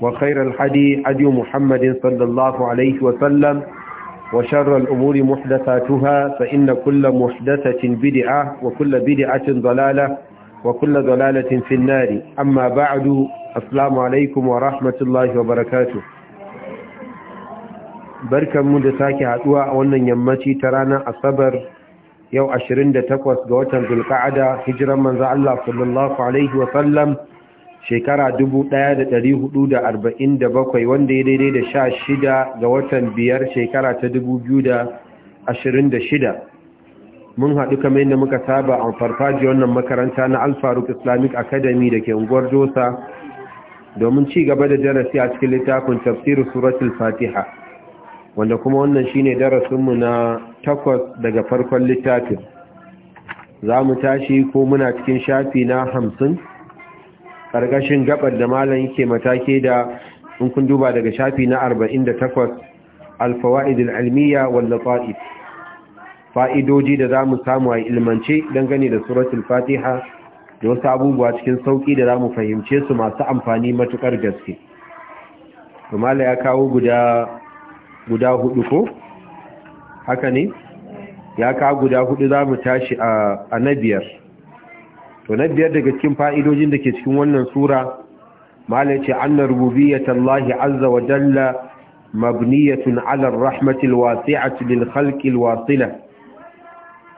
وخير الحدي حدي محمد صلى الله عليه وسلم وشر الأمور محدثاتها فإن كل محدثة بدعة وكل بدعة ضلالة وكل ضلالة في النار أما بعد السلام عليكم ورحمة الله وبركاته بركة مدساكي هدوء وانا يمتي ترانا الصبر يو أشرين دا تقوى سقوة بالقعدة هجرا من الله صلى الله عليه وسلم shekara dubu ɗaya da da hudu arba'in 1447 wanda ya daidai da sha shida ga watan biyar shekara ta da shida. mun haɗu kamar yadda muka saba a farfaji wannan makaranta na alfaruk islamic academy da ke unguwar josa domin ci gaba da darasi a cikin littafin tafsirin suratul fatiha wanda kuma wannan shine darasinmu na takwas daga farkon littafin za mu tashi ko muna cikin shafi na hamsin ƙarƙashin gabar da malam yake matake da in kun duba daga shafi na 48 alfawa'id almiya wal lataif fa'idoji da zamu samu a ilmance dangane da suratul fatiha da wasu abubuwa cikin sauki da zamu fahimce su masu amfani matukar gaske kuma ya kawo guda guda hudu ko haka ne ya kawo guda hudu zamu tashi a na biyar to na biyar daga cikin fa'idojin da ke cikin wannan sura malai ce anna rububiyyatallahi azza wa jalla mabniyatun ala rahmatil wasi'ati lil khalqil wasila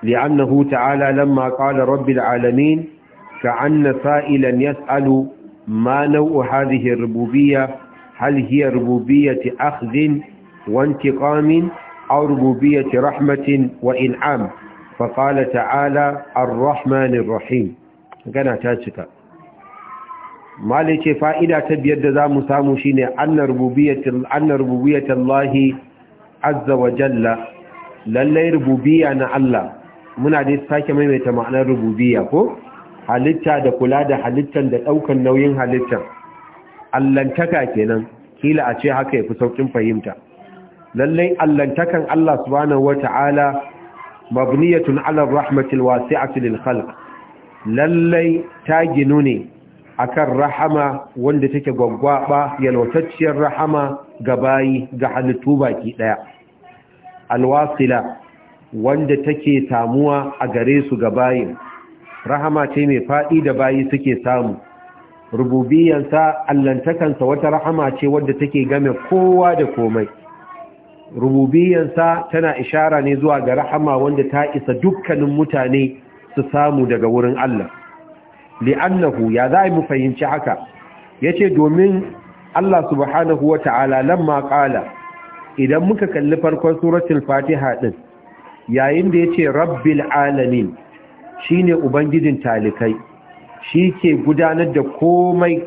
li'annahu ta'ala lamma qala rabbil alamin ka'anna sa'ilan yas'alu ma naw'u hadhihi rububiyya hal hiya rububiyyati akhdhin wa intiqamin aw rububiyyati rahmatin wa in'am فقال تعالى الرحمن الرحيم gana ta cika mali ce fa'ida ta biyar da za mu samu shi ne annar rububiyatar lahi azza wa jalla lallai rububiya na Allah muna da sake maimaita ma'anar rububiya ko halitta da kula da halittan da ɗaukan nauyin halittan allantaka kenan kila a ce haka ya fi sauƙin fahimta lallai allantakan Allah subhanahu wa ta'ala mabniyatun ala rahmatil wasi'ati lil khalq lallai ta ginu ne akan rahama wanda take gwaggwaɓa, yalwatacciyar rahama ga bayi ga halittu baki ɗaya. alwasila wanda take samuwa a gare su ga bayin rahama ce mai faɗi da bayi suke samu rububiyansa allantakansa wata rahama ce wadda take game kowa da komai rububiyansa tana ishara ne zuwa ga rahama wanda ta isa dukkanin mutane su samu daga wurin Allah li'annahu ya za mu fahimci haka Ya ce domin Allah subhanahu wata'ala ma ƙala, idan muka kalli farkon suratun fatiha ɗin yayin da ya ce rabbil alamin shi ne ubangijin talikai shi ke gudanar da komai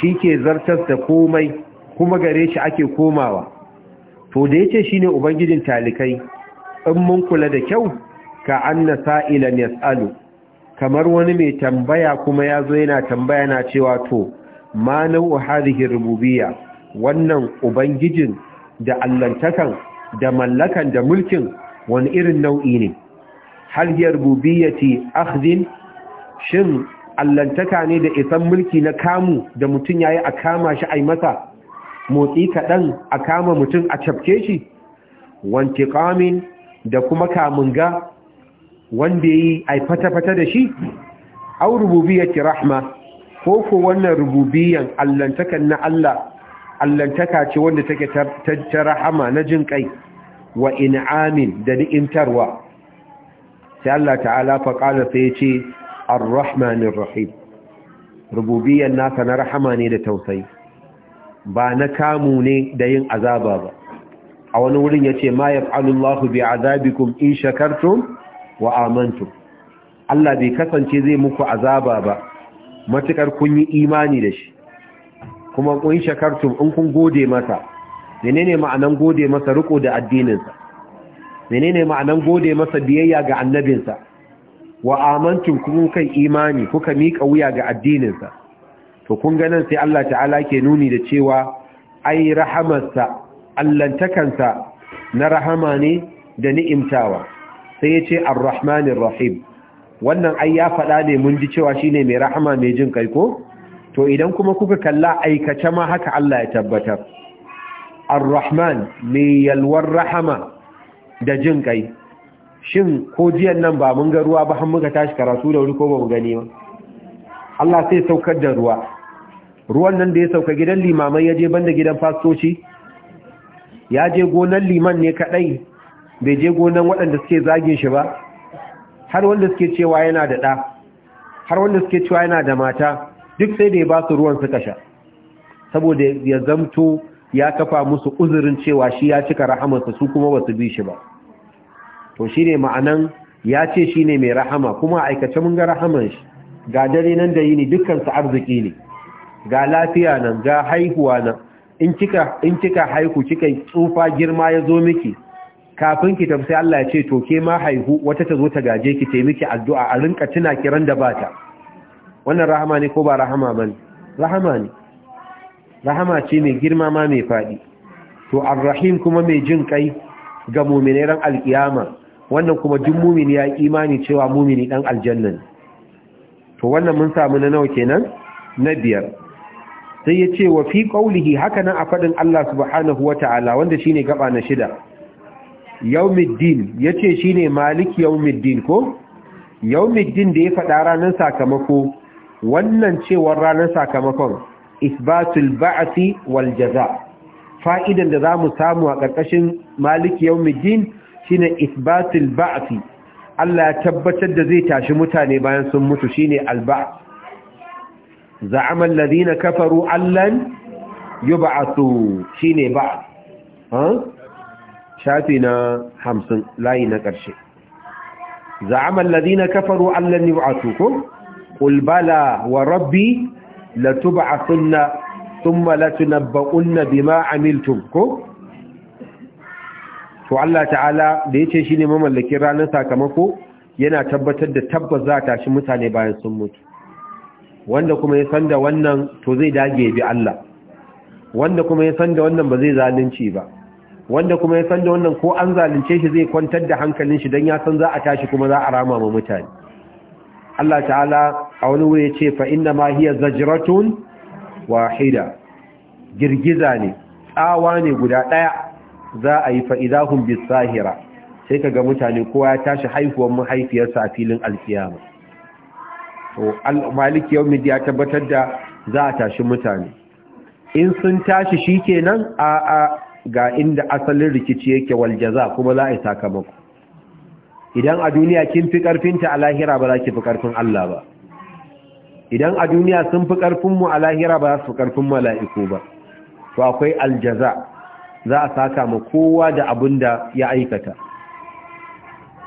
shi ke zartar da komai kuma gare shi ake komawa to da ya ce shi ne ubangijin talikai in mun kula da kyau ka anna sa'ilan yas'alu kamar wani mai tambaya kuma ya zo yana tambaya na cewa to ma nau'u hadhihi rububiyya wannan ubangijin da allantakan da mallakan da mulkin wani irin nau'i ne hal hiya rububiyyati akhdhin shin allantaka ne da isan mulki na kamu da mutum ya yi a kama shi a yi masa motsi kaɗan a kama mutum a cafke shi wantiqamin da kuma ga? wanda yi ai fata-fata da shi au rububiyyati rahma ko ko wannan rububiyyan allantakan na Allah allantaka ce wanda take ta rahama na jin kai wa in'amin da ni'imtarwa sai Allah ta'ala fa qala sai yace ar-rahmanir rahim nasa na rahama ne da tausayi ba na kamu ne da yin azaba ba a wani wurin ya ce ma yaf'alullahu azabikum in shakartum wa amantu Allah bai kasance zai muku azaba ba matukar kun yi imani da shi kuma kun shakartu in kun gode masa menene ma'anan gode masa riko da addininsa menene ma'anan gode masa biyayya ga annabinsa wa amantu kun kai imani kuka mika wuya ga addininsa to kun ga nan sai Allah ta'ala ke nuni da cewa ai rahamarsa allantakansa na rahama ne da ni'imtawa sai ya ce ar rahim wannan ai ya faɗa ne mun ji cewa shine mai rahama mai jin kai ko to idan kuma kuka kalla aikace ma haka Allah ya tabbatar ar-rahman mai yalwar rahama da jin kai shin ko jiyan nan ba mun ga ruwa ba har muka tashi karatu da wuri ko ba mu gani ba Allah sai saukar da ruwa ruwan nan da ya sauka gidan limamai ya je banda gidan fastoci ya je gonar liman ne kadai bai je gonan waɗanda suke zagin shi ba har wanda suke cewa yana da ɗa har wanda suke cewa yana da mata duk sai da ya ba su ruwan suka sha saboda ya zamto ya kafa musu uzurin cewa shi ya cika rahamarsa su kuma basu bi shi ba to shine ma'anan ya ce shi ne mai rahama kuma aikace mun ga rahaman shi ga dare nan da yini dukkan su arziki ne ga lafiya nan ga haihuwa nan in kika in kika haihu kika tsufa girma ya zo miki kafin ki tafi sai Allah ya ce to ke ma haihu wata ta zo ta gaje ki taimaki addu'a a rinka tuna kiran da bata wannan rahama ne ko ba rahama bane rahama ne rahama ce mai girma ma mai fadi to arrahim kuma mai jin kai ga mu'minai ran alkiyama wannan kuma duk mu'mini ya imani cewa mu'mini dan aljanna ne to wannan mun samu na nawa kenan na biyar sai ya ce wa fi qaulihi haka nan a fadin Allah subhanahu wataala wanda shine gaba na shida yaumiddin ya ce shi ne malik yaumiddin ko yaumiddin da ya faɗa ranar sakamako wannan cewar ranar sakamakon isbatul ba'asi wal jaza fa'idan da za mu samu a ƙarƙashin malik yaumiddin shi ne isbatul ba'asi Allah ya tabbatar da zai tashi mutane bayan sun mutu shi ne alba za'aman ladina kafaru allan yi ba'asu shi ne ba'a shafi na hamsin layi na ƙarshe mallazi na kafaru allan yub'atukum qul bala wa rabbi na ba'un na bima amiltum ko to Allah ta'ala da ya yace ne mamallakin ranar sakamako yana tabbatar da tabbas za ta shi mutane bayan sun mutu wanda kuma ya san da wannan to zai dage bi Allah wanda kuma ya san da wannan ba zai zalunci ba wanda kuma ya san da wannan ko an zalunce shi zai kwantar da hankalin shi dan ya san za a tashi kuma za a rama ma mutane Allah ta'ala a wani wuri ya ce fa inna ma hiya zajratun wahida girgiza ne tsawa ne guda ɗaya za a yi fa'idahun bisahira sai ka ga mutane kowa ya tashi haihuwar mahaifiyarsa a filin alkiyama maliki yawmi ya tabbatar da za a tashi mutane in sun tashi shi kenan a ga inda asalin rikici yake wal jaza kuma za a yi sakamako idan a duniya kin fi karfinta a lahira ba za ki fi karfin Allah ba idan a duniya sun fi karfin a lahira ba za su fi karfin mala'iku ba to akwai aljaza za a saka mu kowa da abin da ya aikata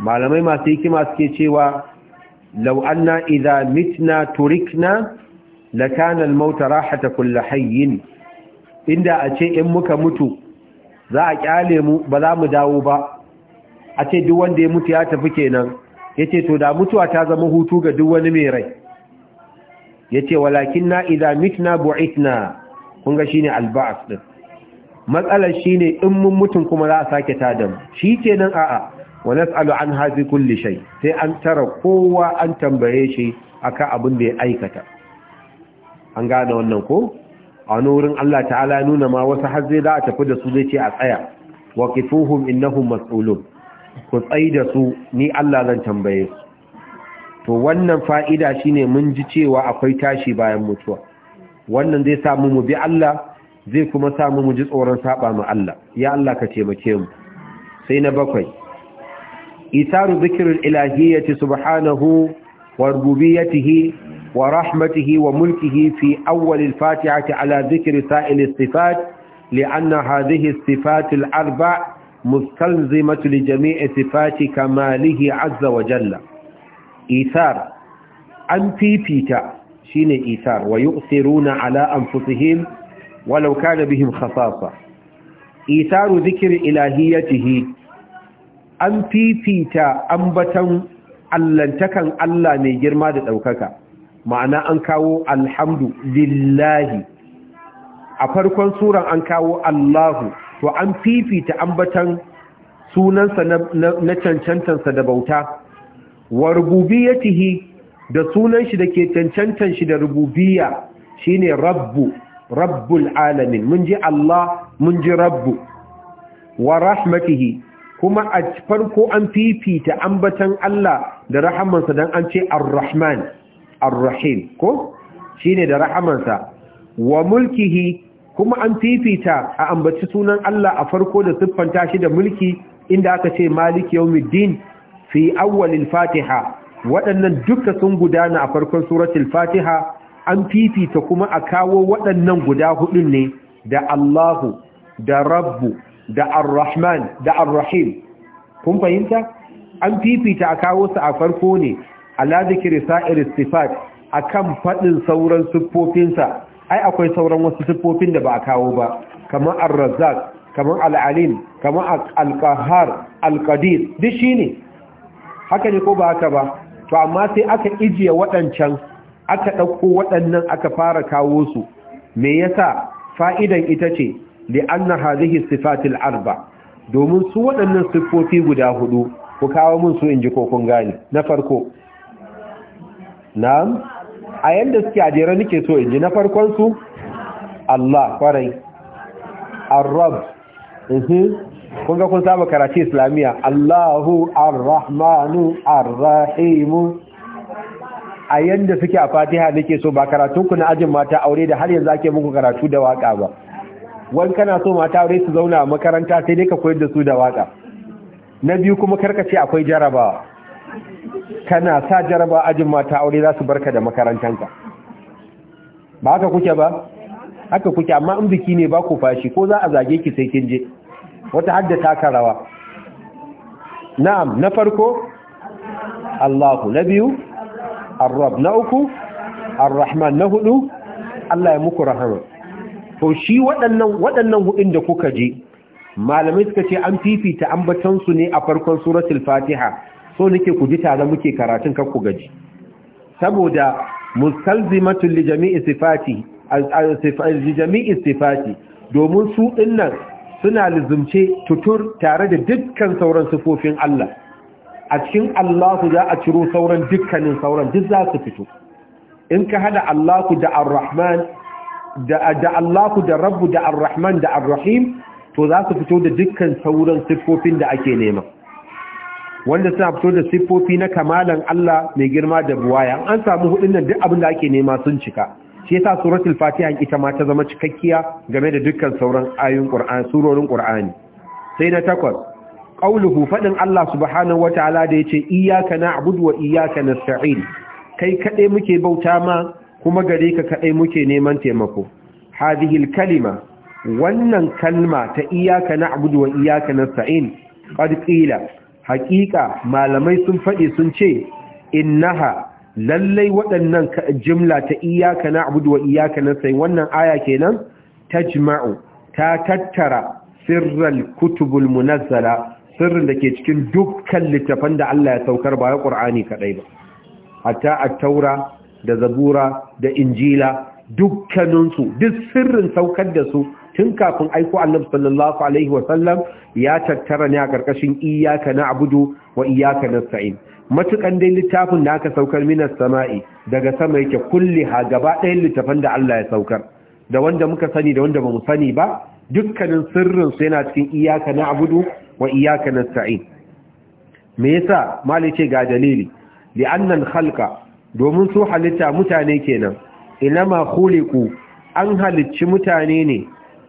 malamai masu hikima suke cewa law anna idha mitna turikna lakana al-maut rahata kulli hayyin inda a ce in muka mutu za a kyale mu ba za mu dawo ba a ce duk wanda ya mutu ya tafi kenan yace to da mutuwa ta zama hutu ga duk wani mai rai yace na idza mitna bu'itna kun ga shine alba'as din matsalar shine in mun mutun kuma za a sake tada mu a a'a wa nas'alu an hazi kulli shay sai an tara kowa an tambaye shi akan abin da ya aikata an gane wannan ko a wani wurin Allah ta'ala nuna ma wasu har zai za a tafi da su zai ce a tsaya wa kifuhum innahum mas'ulun ku tsai da su ni Allah zan tambaye su to wannan fa'ida shine mun ji cewa akwai tashi bayan mutuwa wannan zai samu mu bi Allah zai kuma samu mu ji tsoron saba mu Allah ya Allah ka taimake mu sai na bakwai isaru zikrul ilahiyyati subhanahu wa rububiyyatihi ورحمته وملكه في أول الفاتحة على ذكر سائل الصفات لأن هذه الصفات الأربع مستلزمة لجميع صفات كماله عز وجل إيثار أن بيتا شين إيثار ويؤثرون على أنفسهم ولو كان بهم خصاصة إيثار ذكر إلهيته أن بيتا أنبتا allantakan Allah mai ماذا da ɗaukaka ma'ana an kawo alhamdu lillahi a farkon suran an kawo allahu to an fifita ambatan sunansa na cancantansa da bauta wa rububiyatihi da sunan shi da ke cancantan shi da rububiya shine rabbu rabbul alamin mun ji Allah mun ji rabbu wa rahmatihi kuma a farko an fifita ambatan Allah da rahamansa dan an ce ar-rahman ar-rahim ko shine da rahamarsa wa mulkihi kuma an fifita a ambaci sunan Allah a farko da siffanta shi da mulki inda aka ce maliki yawmiddin fi awwalil fatiha waɗannan duka sun gudana a farkon suratul fatiha an fifita kuma a kawo waɗannan guda hudun ne da Allahu da Rabbu da Ar-Rahman da Ar-Rahim kun fahimta an fifita a kawo su a farko ne ala zikiri sa'ir sifat kan faɗin sauran siffofinsa ai akwai sauran wasu siffofin da ba a kawo ba kamar al razzaq kamar al kamar al al-qadir duk shi ne. haka ne ko ba haka ba to amma sai aka ijiye waɗancan aka ɗauko waɗannan aka fara kawo su me yasa fa'idan ita ce li'anna hadhihi sifatil arba domin su waɗannan siffofi guda huɗu? ku kawo min su in ko kun gane na farko na'am a yanda suke a jere nake so in na farkon su Allah kwarai Arab mhm. kun ga kun saba karatu islamiyya? Allahu Ar-Rahmanu ar rahim. a yanda suke a Fatiha nake so ba karatun ku na ajin mata aure da har yanzu ake muku karatu da waka ba wan kana so mata aure su zauna a makaranta sai dai ka koyar da su da waka na biyu kuma karkace akwai jarabawa kana sa jaraba ajin mata aure za su barka da makarantanka ba haka kuke ba haka kuke amma in biki ne ba ku fashi ko za a zage ki sai kin je wata hadda taka rawa na'am na farko Allahu na biyu Ar-Rabb na uku Ar-Rahman na hudu Allah ya muku rahama to shi waɗannan waɗannan hudin da kuka je malamai suka ce an fifita ambatansu ne a farkon suratul fatiha so nake ku ji tare muke karatun kan ku gaji saboda mustalzimatu li jami'i sifati li jami'i sifati domin su dinnan suna lizumce tutur tare da dukkan sauran sifofin Allah a cikin Allah za a ciro sauran dukkanin sauran duk za su fito in ka hada Allah da Ar-Rahman da da da Rabbu da Ar-Rahman da Ar-Rahim to za su fito da dukkan sauran sifofin da ake nema wanda suna fito da siffofi na kamalan Allah mai girma da buwaya an samu hudun nan duk abin da ake nema sun cika shi yasa suratul fatiha ita ma ta zama cikakkiya game da dukkan sauran ayoyin qur'ani surorin qur'ani sai na takwas qauluhu fadin Allah subhanahu wataala da yace iyyaka na'budu wa iyyaka nasta'in kai kadai muke bauta ma kuma gare ka kadai muke neman taimako hadhihi kalima wannan kalma ta iyyaka na'budu wa iyyaka nasta'in qad qila hakika malamai sun faɗi sun ce innaha lallai waɗannan jimla ta iyaka na abudu wa iyaka na sai wannan aya kenan tajma'u ta tattara sirrin kutubul munazzala sirrin da ke cikin dukkan littafan da Allah ya saukar ba ya ƙur'ani kaɗai ba hatta attaura da zabura da injila dukkaninsu duk sirrin saukar da su tun kafin aiko annabi sallallahu alaihi sallam ya tattara ne a karkashin iyyaka na'budu wa iyyaka nasta'in matukan dai littafin da aka saukar mina sama'i daga sama yake kulli ha gaba ɗayan littafan da Allah ya saukar da wanda muka sani da wanda bamu sani ba dukkanin sirrin su yana cikin iyyaka na'budu wa iyyaka nasta'in me yasa mali ce ga dalili li'annan khalqa domin su halitta mutane kenan inama khuliqu an halicci mutane ne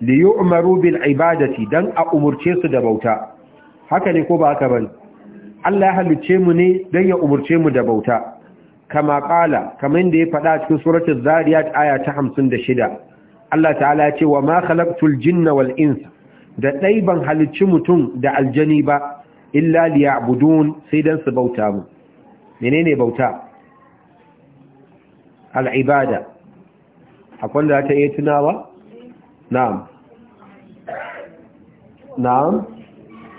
li yu'maru bil ibadati dan a umurce su da bauta haka ne ko ba haka bane Allah ya halicce mu ne dan ya umurce mu da bauta kama kala kamar da ya faɗa cikin suratul zariyat aya ta 56 Allah ta'ala ya ce wa ma khalaqtul jinna wal insa da dai ban halicci mutum da aljani ba illa liya'budun sai dan su bauta mu menene bauta al ibada akwai da ta yi tunawa na'am na'am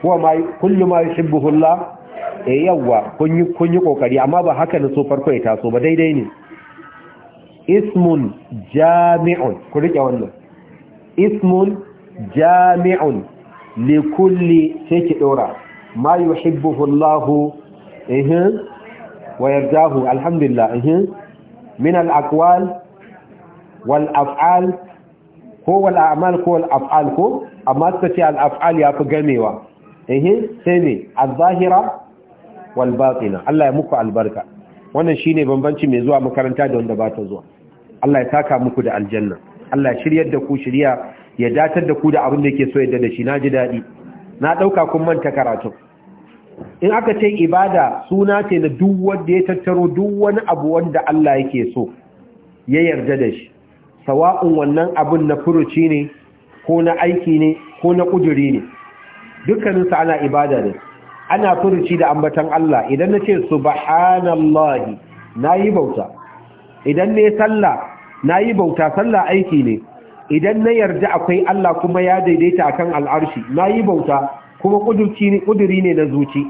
huwa ma kullu ma yuhibbuhu Allah eh yawa kunyi kunyi kokari amma ba haka ne so farko ya taso ba daidai ne ismun jami'un ku rike wannan ismun jami'un li kulli sai ki dora ma yuhibbuhu Allah eh wa yardahu alhamdulillah eh min al-aqwal wal af'al ko wal a'mal ko wal af'al ko amma suka ce al af'al fi gamewa eh sai ne al zahira wal batina Allah ya muku albarka wannan shine bambanci mai zuwa makaranta da wanda ba ta zuwa Allah ya saka muku da aljanna Allah ya shiryar da ku shiriya ya datar da ku da abin da yake so yadda da shi naji dadi na dauka kun manta karatu in aka ce ibada suna ce na duk wanda ya tattaro duk wani abu wanda Allah yake so ya yarda da shi sawa'un wannan abin na furuci ne ko na aiki ne ko na kujuri ne dukkaninsu ana ibada ne ana furuci da ambatan Allah idan na ce subhanallahi na yi bauta idan ne sallah na yi bauta sallah aiki ne idan na yarda akwai Allah kuma ya daidaita akan al'arshi na yi bauta kuma kuduri ne na zuci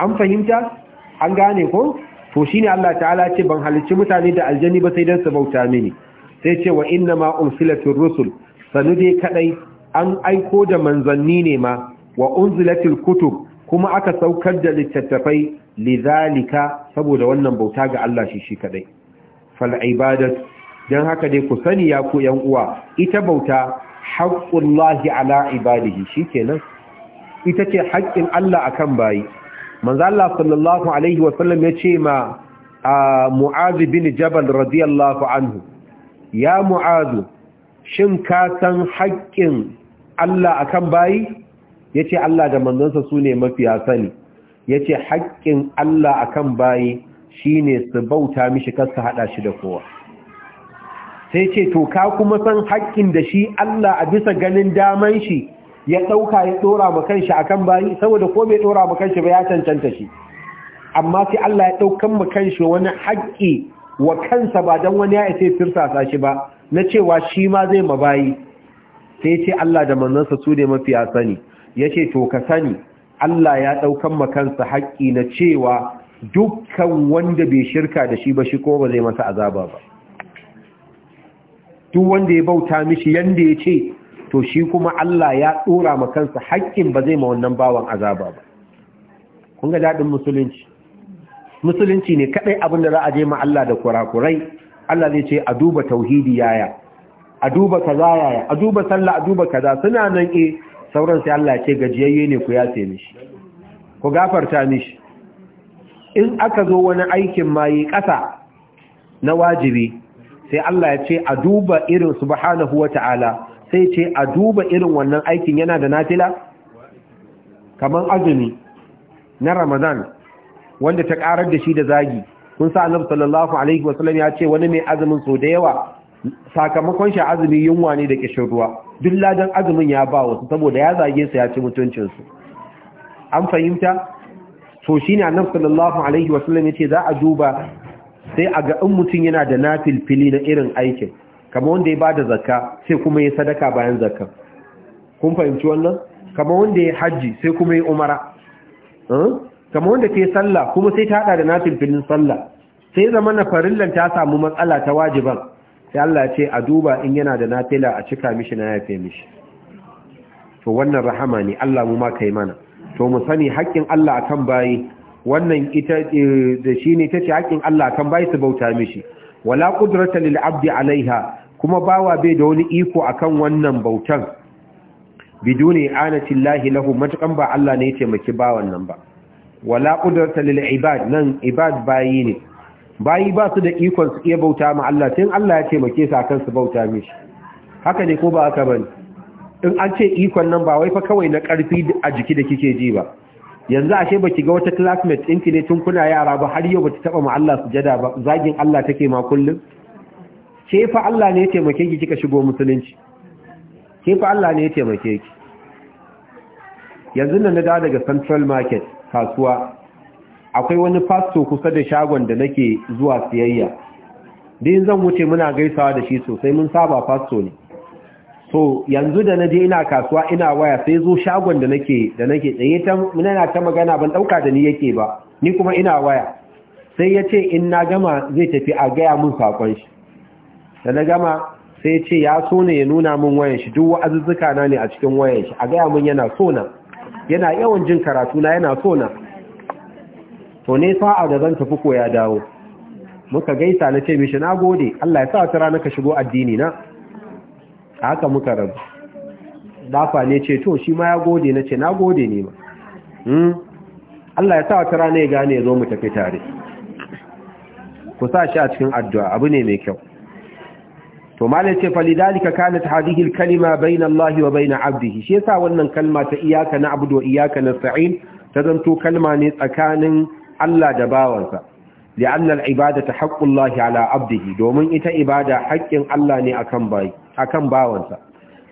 an fahimta an gane ko to shi ne Allah ta'ala ce ban halicci mutane da aljani ba sai dan su bauta mini sai ce wa inna ma unsilatul rusul sanu dai kadai an aiko da manzanni ne ma wa unzilatul kutub kuma aka saukar da littattafai lidhalika saboda wannan bauta ga Allah shi shi kadai fal ibadat dan haka dai ku sani ya ku yan uwa ita bauta haqqullahi ala ibadihi shikenan ita ce haƙƙin Allah akan bayi manzo Allah sallallahu alaihi wa sallam yace ma Mu'adh bin Jabal radiyallahu anhu ya mu'azu shin ka san haƙƙin Allah akan bayi Ya ce Allah da manzansa sune mafiya sani ce haƙƙin Allah akan bayi shi ne su bauta mishi kar haɗa shi da kowa sai ce to ka kuma san haƙƙin da shi Allah a bisa ganin daman shi ya ɗauka ya ɗora ma a akan bayi saboda ko mai ɗora ma kanshi ba ya cancanta shi amma sai Allah ya ɗaukan ma kanshi wani haƙƙi wa kansa ba don wani ya isa tirsasa shi ba na cewa shi ma zai mabayi sai ce Allah da manzansa su ne a sani ya ce to ka sani Allah ya ɗaukan makansa haƙƙi na cewa dukkan wanda bai shirka da shi ba shi ko ba zai masa azaba ba duk wanda ya bauta mishi yanda ya ce to shi kuma Allah ya ɗora makansa haƙƙin ba zai ma wannan bawan azaba ba kun ga daɗin musulunci musulunci ne kadai abin da za a je ma Allah da kurakurai Allah zai ce a duba tauhidi yaya a duba kaza yaya a duba sallah a duba kaza suna nan eh sauran sai Allah ya ce gajiyayye ne ku yace mishi ku gafarta mishi in aka zo wani aikin yi ƙasa na wajibi sai Allah ya ce a duba irin subhanahu wata'ala sai ce a duba irin wannan aikin yana da nafila Kamar azumi na Ramadan wanda ta karar da shi da zagi kun sa annabi sallallahu alaihi wasallam ya ce wani mai azumin so da yawa sakamakon shi azumi yunwa ne da kishin ruwa duk ladan azumin ya ba wasu saboda ya zage su ya ci mutuncin su an fahimta to shine annabi sallallahu alaihi wasallam ya ce za a duba sai a ga in mutum yana da nafilfili na irin aikin kamar wanda ya bada zakka sai kuma ya sadaka bayan zakka kun fahimci wannan kamar wanda ya hajji sai kuma ya umara hmm? kamar wanda ta yi sallah kuma sai ta hada da filin sallah sai zama na farillan ta samu matsala ta wajiban sai Allah ce a duba in yana da nafila a cika mishi na yafe mishi to wannan rahama ne Allah mu ma kai mana to mu sani haƙƙin Allah akan bayi wannan ita eh, da shine tace haƙƙin Allah akan bayi su bauta mishi wala qudrata lil abdi alaiha kuma bawa bai da wani iko akan wannan bautan biduni anatillahi lahu matakan ba Allah ne ya taimaki bawan nan ba wala qudrata lil ibad nan ibad bayi ne bayi ba su da ikon su iya bauta ma Allah sai Allah ya taimake su kan su bauta mishi haka ne ko ba haka bani. in an ce ikon nan ba wai fa kawai na karfi a jiki da kike ji ba yanzu ashe baki ga wata classmate ɗinki ne tun kuna yara ba har yau bata taba ma Allah sujada ba zagin Allah take ma kullum ke fa Allah ne ya taimake ki kika shigo musulunci ke fa Allah ne ya taimake ki yanzu nan na dawo daga central market kasuwa akwai wani fasto kusa da shagon da nake zuwa siyayya din zan wuce muna gaisawa da shi sosai mun saba fasto ne so yanzu da na je ina kasuwa ina waya sai zo shagon da nake da nake tsaye ta muna ta magana ban dauka da ni yake ba ni kuma ina waya sai ya ce in na gama zai tafi a gaya mun sakon shi da na gama sai ya ce ya so ne ya nuna min wayan shi duk wa'azuzzuka na ne a cikin wayan shi a gaya mun yana so na yana yawan jin karatuna, yana so na to ne sa'a da zan tafi koya ya dawo muka gaisa na ce mishi na gode Allah ya sa ta rana ka shigo addini na haka muka rabu dafa ne ce to shi ma ya gode na ce na gode ne ma hmm? Allah ya sa ta rana ya gane ya zo mu tafi tare ku sa shi a cikin addu'a abu ne mai kyau to malai ce falidalika kanat hadhihi alkalima baina Allah wa baina abdihi shi yasa wannan kalma ta iyyaka na'budu wa iyyaka nasta'in ta zanto kalma ne tsakanin Allah da bawansa li'anna al'ibadata Allah ala abdihi domin ita ibada haƙƙin Allah ne akan bai akan bawansa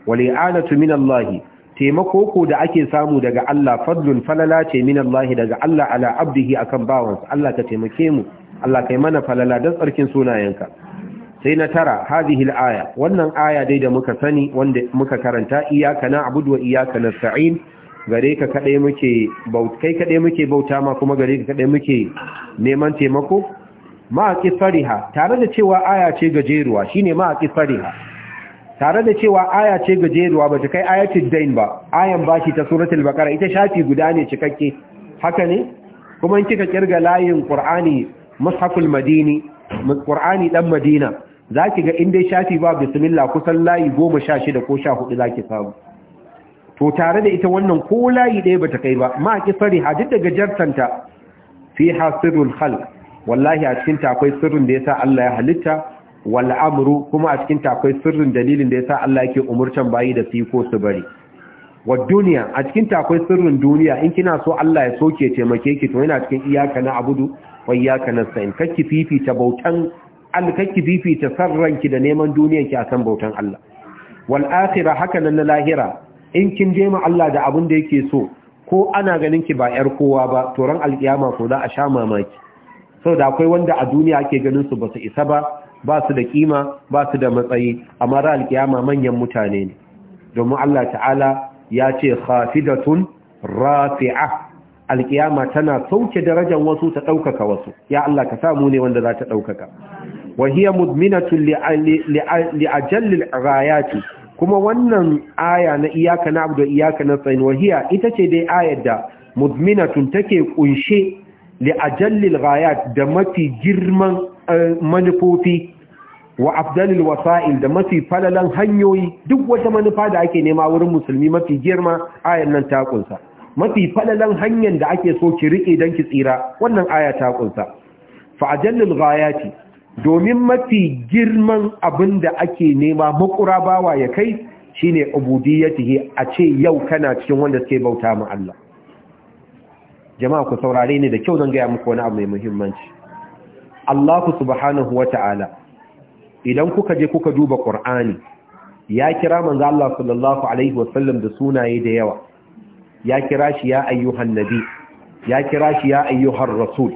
wali'anatu min Allah taimako ko da ake samu daga Allah fadlun falala ce min Allah daga Allah ala abdihi akan bawansa Allah ka taimake mu Allah kai mana falala dan tsarkin sunayenka sai na tara hadhihi al-aya wannan aya dai da muka sani wanda muka karanta iyyaka na'budu wa iyyaka nasta'in gare ka kadai muke bauta kai kadai muke bauta ma kuma gare ka kadai muke neman taimako ma qisariha tare da cewa aya ce gajeruwa shine ma qisariha tare da cewa aya ce gajeruwa bata kai ayatul dain ba ayan bashi ta suratul baqara ita shafi guda ne cikakke haka ne kuma in kika kirga layin qur'ani mushaful madini qur'ani dan madina za ki ga inda shafi ba bismillah kusan layi goma sha shida ko sha hudu za ki samu to tare da ita wannan ko layi ɗaya ba ta kai ba ma ki sari duk daga jartanta fi ha sirrul khalq wallahi a cikin ta akwai sirrin da yasa Allah ya halitta wal amru kuma a cikin ta akwai sirrin dalilin da yasa Allah yake umurtan bayi da fi ko su bari wa duniya a cikin ta akwai sirrin duniya in kina so Allah ya soke taimake ki to yana cikin iyaka na abudu wa iyaka nasta'in ki fifita bautan alkaki fifita ranki da neman duniyanki akan bautan Allah wal akhira haka nan lahira in kin je ma Allah da abin da yake so ko ana ganin ki ba yar kowa ba to ran alkiyama ko za a sha mamaki saboda akwai wanda a duniya ake ganin su basu isa ba ba su da kima ba su da matsayi amma ran alkiyama manyan mutane ne domin Allah ta'ala ya ce khafidatun rafi'a alkiyama tana sauke darajar wasu ta ɗaukaka wasu ya Allah ka mu ne wanda za ta ɗaukaka wa hiya mudminatu li ajallil rayati kuma wannan aya na iyaka na abu da iyaka na tsayin wahiya ita ce dai ayar da mudminatun take kunshe li ajallil ghayat da mafi girman eh, manufofi wa afdalil wasa'il da mafi falalan hanyoyi duk wata manufa da ake nema wurin musulmi mafi girma ayar nan ta ƙunsa mafi falalan hanyar da ake so ki riƙe dan ki tsira wannan aya ta ƙunsa fa ajallil ghayati domin mafi girman abin da ake nema makura bawa ya kai shine ubudiyyatihi a ce yau kana cikin wanda suke bauta mu Allah jama'a ku saurare ni da kyau zan gaya muku wani abu mai muhimmanci Allah subhanahu wata'ala idan kuka je kuka duba Qur'ani ya kira manzo Allah sallallahu alaihi wasallam da sunaye da yawa ya kira shi ya ayyuhan nabi ya kira shi ya ayyuhar rasul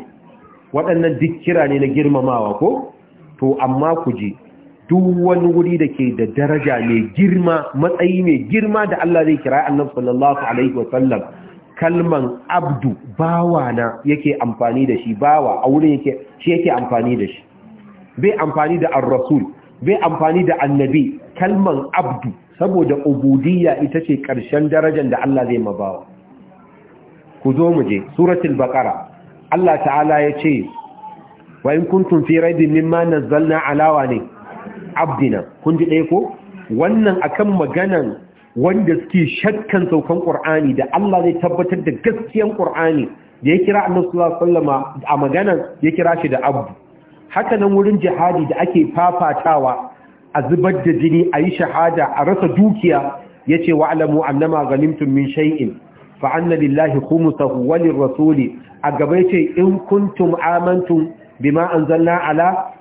waɗannan duk kira ne na girmamawa ko to amma ku ji duk wani wuri da ke da daraja mai girma matsayi mai girma da Allah zai kira annabi sallallahu alaihi wasallam kalman abdu bawa na yake amfani da shi bawa a wurin yake shi yake amfani da shi bai amfani da ar-rasul bai amfani da annabi kalman abdu saboda ubudiyya ita ce ƙarshen darajar da Allah zai mabawa ku zo mu je suratul baqara Allah ta'ala ya ce wa in kuntum fi raibin mimma nazzalna alawa ne abdina kun ji ɗaya ko wannan akan maganan wanda suke shakkan saukan Qur'ani da Allah zai tabbatar da gaskiyan Qur'ani da ya kira Annabi sallallahu alaihi a maganan ya kira shi da abdu haka nan wurin jihadi da ake fafatawa a zubar da jini a yi shahada a rasa dukiya yace wa'lamu annama ghanimtum min shay'in fa anna lillahi rasuli. a gaba yace in kuntum amantum bima zanna ala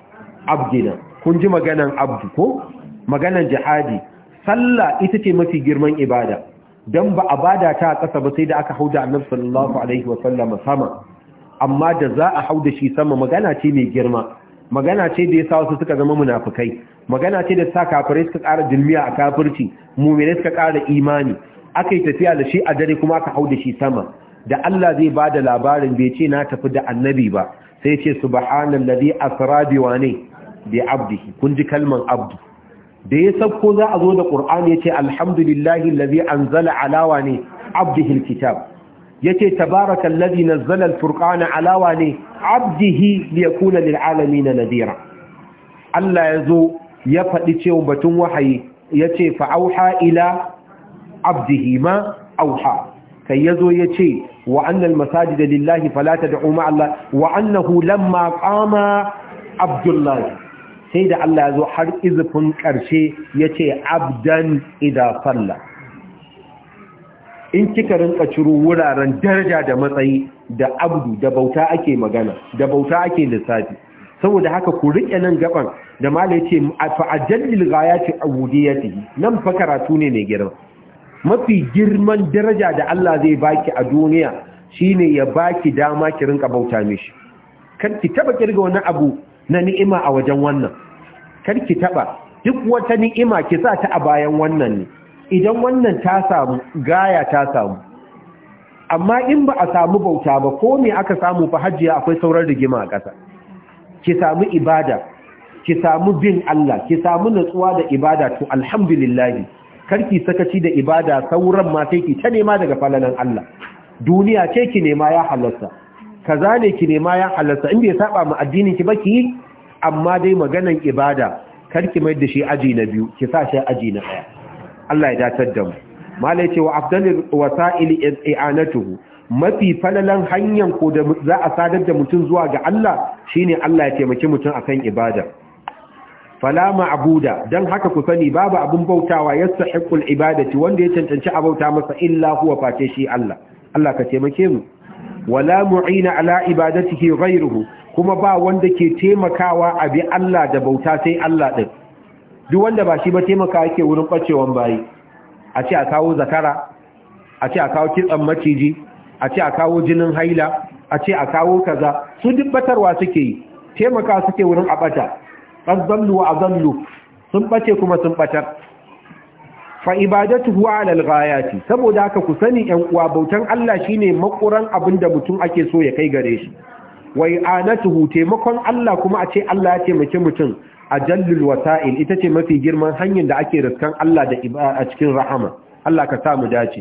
abdina kun ji maganan abdu ko maganan jihadi sallah ita ce mafi girman ibada dan ba a bada ta a ƙasa ba sai da aka da annabi sallallahu alaihi wa sama amma da za a hau da shi sama magana ce mai girma magana ce da ya sa wasu suka zama munafukai magana ce da sa kafirai suka ƙara dulmiya a kafirci mumine suka ƙara imani aka yi tafiya da shi a dare kuma aka hau da shi sama da Allah zai ba da labarin bai ce na tafi da annabi ba sai ce subhanan ladhi asra bi wani bi abdihi kun ji kalman abdu da ya sabko za a zo da qur'ani yace alhamdulillahi alladhi anzala alawa ne abdihi alkitab yace tabarakal ladhi nazzala alawa ne wani abdihi liyakuna na nadira Allah yazo ya faɗi cewa batun wahayi yace fa auha ila abdihi ma auha kai yazo yace wa annal masajida lillahi fala tad'u ma Allah wa annahu lamma qama abdullah sai da Allah yazo har izufin karshe yace abdan idza salla in kika rinka ciro wuraren daraja da matsayi da abdu da bauta ake magana da bauta ake lissafi saboda haka ku rike nan gaban da mala yace fa ajallil ghayati awdiyatihi nan fa karatu ne mai girma mafi girman daraja da Allah zai baki a duniya shine ya baki dama ki rinka bauta mishi kar ki taba kirga wani abu na ni'ima a wajen wannan karki ki taba duk wata ni'ima ki sa ta a bayan wannan ne idan wannan ta samu gaya ta samu amma in ba a samu bauta ba ko me aka samu fa hajjiya akwai sauran rigima a ƙasa ki samu ibada ki samu bin Allah ki samu natsuwa da ibada to alhamdulillah karki sakaci da ibada sauran ma sai ki ta nema daga falalan Allah duniya ce ki nema ya halarta kaza ne ki nema ya halarta in bai saba mu addinin ki ba ki yi amma dai maganan ibada karki mai da shi aji na biyu ki sa shi aji na daya Allah ya datar da mu malai ce wa afdalil wasa'il i'anatuhu mafi falalan hanyar ko da za a sadar da mutum zuwa ga Allah shine Allah ya taimaki mutum akan ibada fala ma'buda dan haka ku sani babu abun bautawa yastahiqul ibadati wanda ya cancanci abauta masa illa huwa face shi Allah Allah ka taimake mu wala mu'ina ala ibadatihi ghayruhu kuma ba wanda ke taimakawa a Allah da bauta sai Allah din duk wanda ba shi ba taimaka yake wurin bacewan bayi a ce a kawo zakara a ce a kawo kitsan maciji a ce a kawo jinin haila a ce a kawo kaza su duk batarwa suke yi taimaka suke wurin abata azzallu wa azallu sun bace kuma sun batar fa ibadatuhu ala alghayati saboda haka ku sani yan uwa bautan Allah shine makuran abinda mutum ake so ya kai gare shi wai anatuhu taimakon Allah kuma a ce Allah ya taimake mutum ajallul wasa'il ita ce mafi girman hanyar da ake riskan Allah da a cikin rahama Allah ka sa mu dace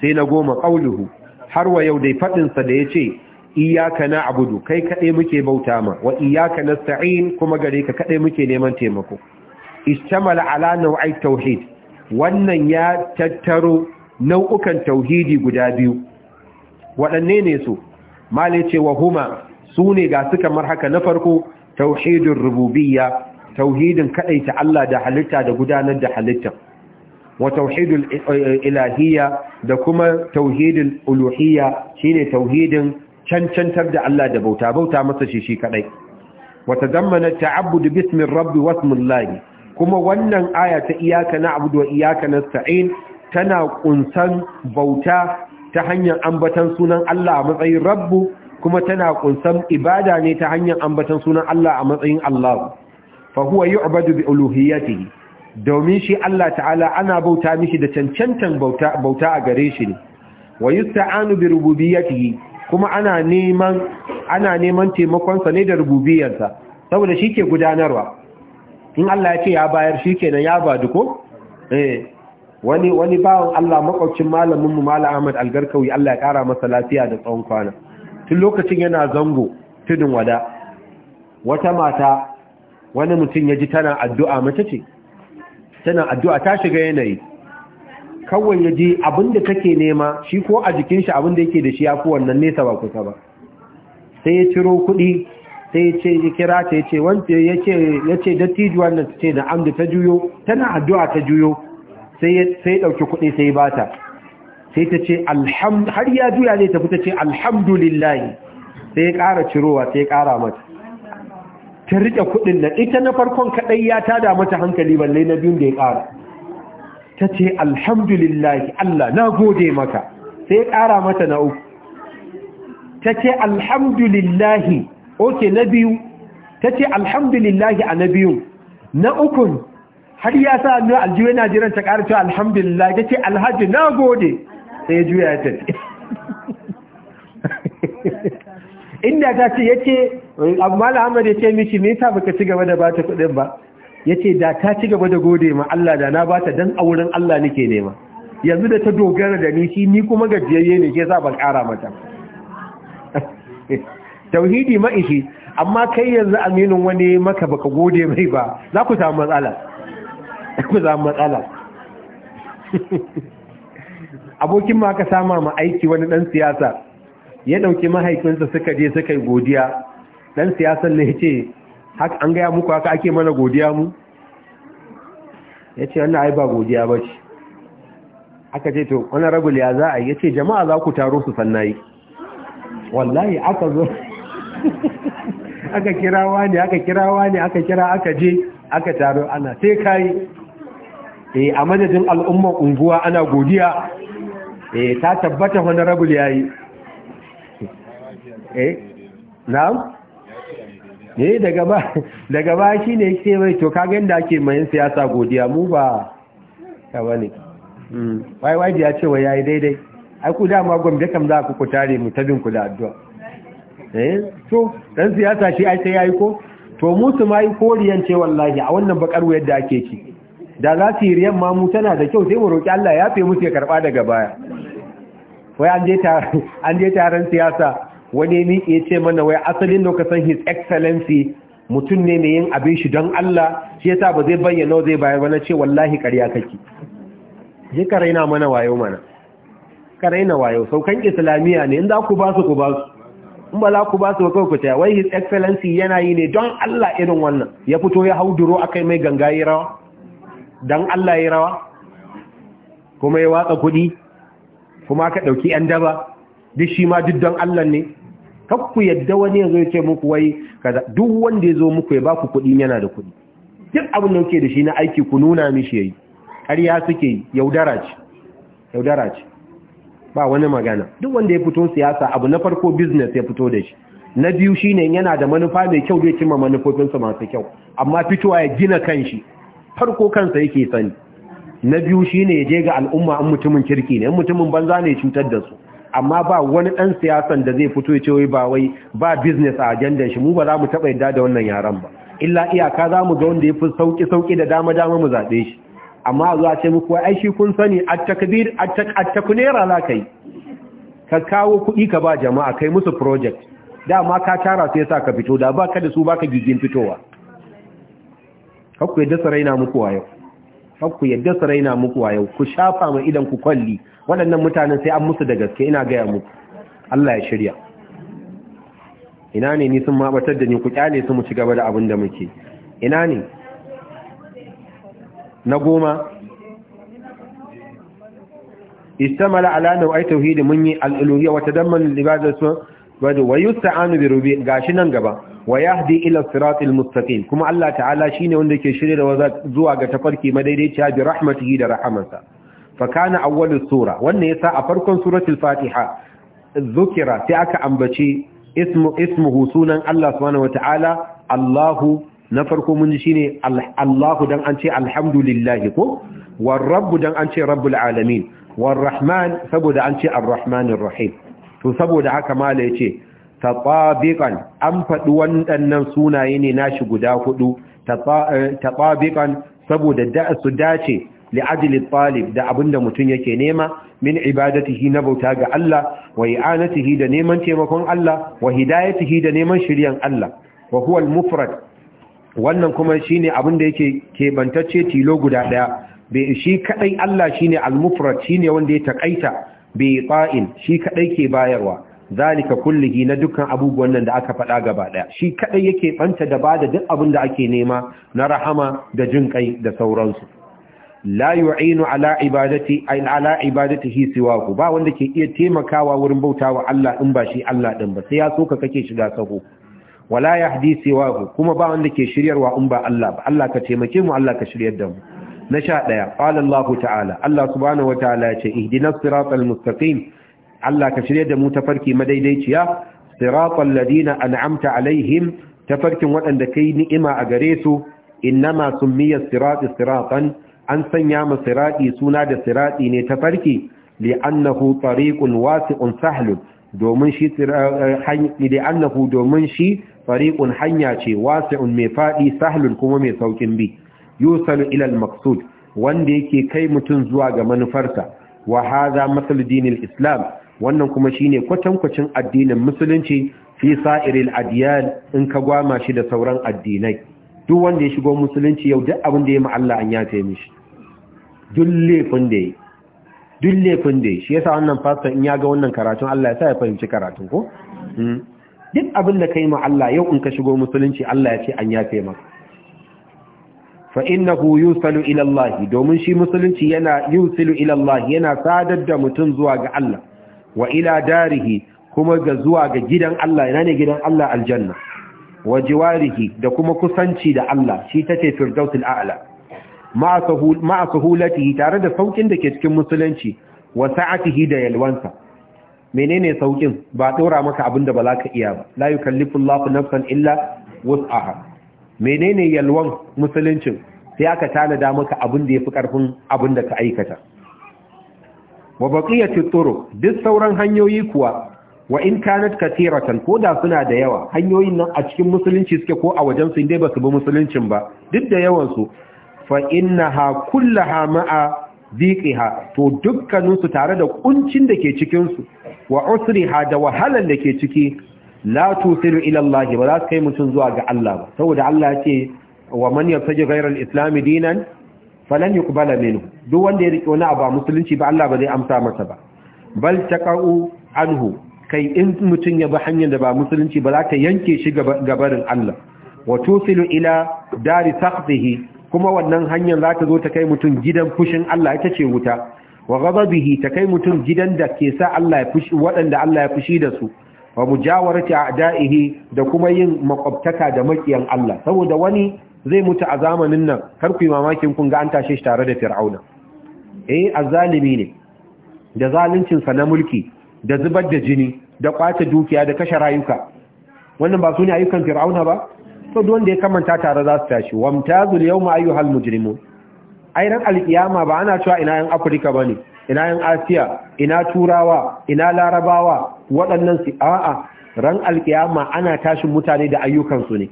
sai na goma qauluhu har wa yau dai fadin sa da yace Iyaka na Abudu kai kaɗai muke bauta ma wa iyaka nasta'in kuma gare ka kaɗai muke neman taimako istamala ala nau'ai tauhid wannan ya tattaro nau'ukan tauhidi guda biyu waɗanne ne su malai ce wa huma su ne ga su kamar haka na farko tauhidin rububiyya tauhidin kadaita Allah da halitta da gudanar da halitta wa tauhidul eh, eh, ilahiyya da kuma tauhidul uluhiyya shine tauhidin cancantar da Allah da bauta bauta masa shi shi kadai wata zammana ta'abbud bismin rabbi wasmullahi kuma wannan aya ta iyaka na'budu wa iyaka nasta'in tana kunsan bauta ta hanyar ambatan sunan Allah a matsayin rabbu kuma tana kunsan ibada ne ta hanyar ambatan sunan Allah a matsayin Allah fa huwa yu'badu bi uluhiyyatihi domin shi Allah ta'ala ana bauta mishi da cancantan bauta a gare shi ne wa yusta'anu bi rububiyyatihi kuma ana neman taimakonsa ne da rububiyarsa saboda shi ke gudanarwa in Allah ya ce ya bayar shi kenan ya ba duko eh wani wani bawan Allah makwabcin malamin mu Malam Ahmad Algarkawi Allah ya kara masa lafiya da tsawon kwana tun lokacin yana zango tudun wada wata mata wani mutum ya ji tana addu'a mace ce tana addu'a ta shiga yanayi kawai ya je abinda kake nema shi ko a jikin shi abinda yake da shi ya fi wannan nesa ba kusa ba sai ya ciro kuɗi sai ya ce kira ta ya ce wance ya ce dattijuwa wannan ta ce da amda ta juyo tana addu'a ta juyo sai ya ɗauki kuɗi sai ya bata sai ta ce har ya juya ne tafi ta ce lillahi, sai ya ƙara cirowa sai ya ƙara mata ta riƙe kuɗin nan ita na farkon kaɗai ya tada mata hankali balle na biyun da ya ƙara ta ce alhamdulillahi Allah na gode maka sai ƙara mata na uku ta ce alhamdulillahi oke na biyu ta ce alhamdulillahi a na biyu na ukun har ya sa hannu aljiwe na jiran ta ƙara cewa alhamdulillahi ta ce alhaji na gode sai ya juya ya ce inda ta ce ya ce abu malamar ya ce mishi me yasa baka ci gaba da ba ta kuɗin ba Ya ce da ta ci gaba da gode ma Allah da na bata dan a wurin Allah nike nema yanzu da ta dogara da ni shi ni kuma gajiyayye ne ke sa ƙara mata tauhidi ma'ishi amma kai yanzu aminin wani maka baka gode mai ba za ku samu matsala ku samu matsala abokin ma aka sama ma aiki wani dan siyasa ya ɗauki mahaifinsa suka je suka yi godiya dan siyasan ne ce. haka an gaya muku haka ake mana godiya mu ya ce wannan ai ba godiya ba ce aka ce to wani rabul ya za a yi ya ce jama'a za ku taro su sannayi wallahi aka zo aka kira wani aka kira wani aka kira aka je aka taro ana sai kayi eh a madadin al'umman unguwa ana godiya eh ta tabbata honorable yayi eh na'am ne eh, daga ba shi ne ke mai to kaga inda ake mayin siyasa godiya mu ba ka wani mm wai wai ya ce wai yi daidai aiku ku dama gombe kam za ku kutare mu ta binku ku da addu'a eh to dan siyasa shi ai sai yayi ko to mu su mai koriyan ce wallahi a wannan bakar wayar da ake ci da za su yi riyan ma mu tana da kyau sai mu roki Allah ya fe mu sai karba daga baya wai an je taron siyasa wani ne ya ce mana wai asalin lokacin his excellency mutum ne mai yin abin shi don Allah shi sa ba zai bayyana zai bayar wani ce wallahi ƙarya kake je ka raina mana wayo mana ka raina wayo saukan islamiyya ne in za ku ba su ku ba su in ba za ku ba su kawai ku ta wai his excellency yana yi ne don Allah irin wannan ya fito ya hau duro akai mai ganga yi rawa don Allah yi rawa kuma ya watsa kuɗi kuma ka ɗauki ‘yan daba duk shi ma duk don Allah ne kar ku yadda wani ya zo ya ce muku wai kaza duk wanda ya zo muku ya baku kuɗi yana da kuɗi duk abin da kuke da shi na aiki ku nuna mishi yayi ƙarya suke yaudara ce yaudara ce ba wani magana duk wanda ya fito siyasa abu na farko business ya fito da shi na biyu shine yana da manufa mai kyau zai cimma manufofinsa masu kyau amma fitowa ya gina kanshi farko kansa yake sani na biyu shine ya je ga al'umma an mutumin kirki ne an mutumin banza ne cutar da su amma ba wani ɗan siyasan da zai fito ya ce wai ba wai ba business a agenda shi mu ba za mu taba yadda da wannan yaran ba illa iyaka za mu ga wanda ya fi sauki sauki da dama dama mu zaɓe shi amma za ce muku ai shi kun sani a takbir a takunera la kai ka kawo kuɗi ka ba jama'a kai musu project dama ka tara sai sa ka fito da ba ka da su baka ka gigin fitowa kakwai dasa raina muku yau ku yadda su raina muku wayo ku shafa mai idan ku kwalli waɗannan mutanen sai an musu da gaske ina gaya muku Allah ya shirya ina ne ni sun mabatar da ni ku kyale su mu ci gaba da abin da muke ina ne na goma istamala ala nau'ai tauhidi mun yi al'uluhiyya wata damman libadar su wadda wayu ta'anu bi gashi nan gaba wa yahdi ila siratil mustaqim kuma Allah ta'ala shine wanda yake shirye da zuwa ga tafarki madaidaiciya bi rahmatihi da rahamansa fa kana awwalus sura wannan yasa a farkon suratul fatiha zukira sai aka ambace ismu ismuhu sunan Allah subhanahu wata'ala Allahu na farko mun ji shine Allahu dan an ce alhamdulillah ko war rabb dan an ce rabbul alamin war rahman saboda an ce arrahmanir rahim to saboda haka mala yace tatabiqan an faɗi waɗannan sunaye ne nashi guda hudu eh, tatabiqan saboda su dace li talib da abinda mutum yake nema min ibadatihi na bauta ga Allah wa i'anatihi da neman taimakon Allah wa hidayatihi da neman shiryan Allah wa huwa al-mufrad wannan kuma shine abinda yake kebantacce tilo guda ɗaya. bai shi kaɗai Allah shine al-mufrad shine wanda ya takaita bi ta'in shi kaɗai ke bayarwa zalika kullihi na dukkan abubuwan nan da aka faɗa gaba ɗaya shi kaɗai yake ɓanta da ba da duk abin da ake nema na rahama da jin kai da sauransu la yu'inu ala ibadati ay ala siwahu ba wanda ke iya taimakawa wurin bautawa Allah in ba shi Allah din ba sai ya so ka kake shiga sahu wala yahdi siwahu kuma ba wanda ke shiryarwa in ba Allah ba Allah ka taimake mu Allah ka shiryar da mu na sha ɗaya qala Allah ta'ala Allah subhanahu wa ta'ala ya ce ihdinas siratal mustaqim Allah ka shirye da mu tafarki madaidaiciya siratal ladina an'amta alaihim tafarkin waɗanda kai ni'ima a gare su innama summiya sirati siratan an sanya ma sirati suna da sirati ne tafarki li'annahu tariqun wasi'un sahlun domin shi eh, li'annahu domin shi tariqun hanya ce wasi'un mai fadi sahlun kuma mai saukin bi yusalu ila al-maqsud wanda yake kai mutun zuwa ga manufarsa wa hadha masal dinil islam wannan kuma shine kwatankwacin addinin musulunci fi sa'iril adiyan in ka gwama shi da sauran addinai duk wanda ya shigo musulunci yau duk abin da ya ma Allah an yafe mishi duk lefin da ya duk laifin da ya shi yasa wannan pastor in ya ga wannan karatun Allah ya sa ya fahimci karatun ko hmm. duk abin da kai ma Allah yau in ka shigo musulunci Allah ya ce an yafe maka fa innahu yusalu ila Allah domin shi musulunci yana yusilu ila Allah yana sadar da mutum zuwa ga Allah wa ila darihi kuma ga zuwa ga gidan Allah ina ne gidan Allah aljanna wa jiwarihi da kuma kusanci da Allah shi tace firdausul a'la ma'a sahulatihi tare da saukin da ke cikin musulunci wa sa'atihi da yalwansa menene saukin ba dora maka abin da ba za ka iya ba la yukallifullahu nafsan illa wus'aha menene yalwan musuluncin sai aka tanada maka abin da fi karfin abin da ka aikata wa baqiyatu turuq duk sauran hanyoyi kuwa wa in kanat katiratan ko da suna da yawa hanyoyin nan a cikin musulunci suke ko a wajen su inda ba su bi musuluncin ba duk da yawan su fa innaha kullaha ma'a dhiqiha to dukkanin su tare da kuncin da ke cikin su wa usriha da wahalan da ke ciki la tusiru ila Allah ba za su kai mutun zuwa ga Allah ba saboda Allah ya ce wa man yattaji ghayra al-islam dinan falan yuqbala minhu duk wanda ya rike wani abu a musulunci ba Allah ba zai amsa masa ba bal taqau anhu kai in mutun ya bi hanyar da ba musulunci ba za ta yanke shi gabarin Allah wa tusilu ila dari saqdihi kuma wannan hanyar za ta zo ta kai mutun gidan fushin Allah ita ce wuta wa ghadabihi ta kai mutun gidan da ke sa Allah ya fushi waɗanda Allah ya fushi da su wa mujawarati a'da'ihi da kuma yin makwabtaka da maƙiyan Allah saboda wani zai mutu a zamanin nan kar ku yi mamakin kun ga an tashe shi tare da fir'auna eh azzalimi ne da zaluncinsa na mulki da zubar da jini da kwace dukiya da kashe rayuka wannan ba su ne ayyukan fir'auna ba to don da ya kamanta tare za su tashi wamtazul yawma ayyuhal mujrimun ai ran alkiyama ba ana cewa ina yan afirka bane ina yan asiya ina turawa ina larabawa waɗannan su a'a ran alkiyama ana tashin mutane da ayyukansu ne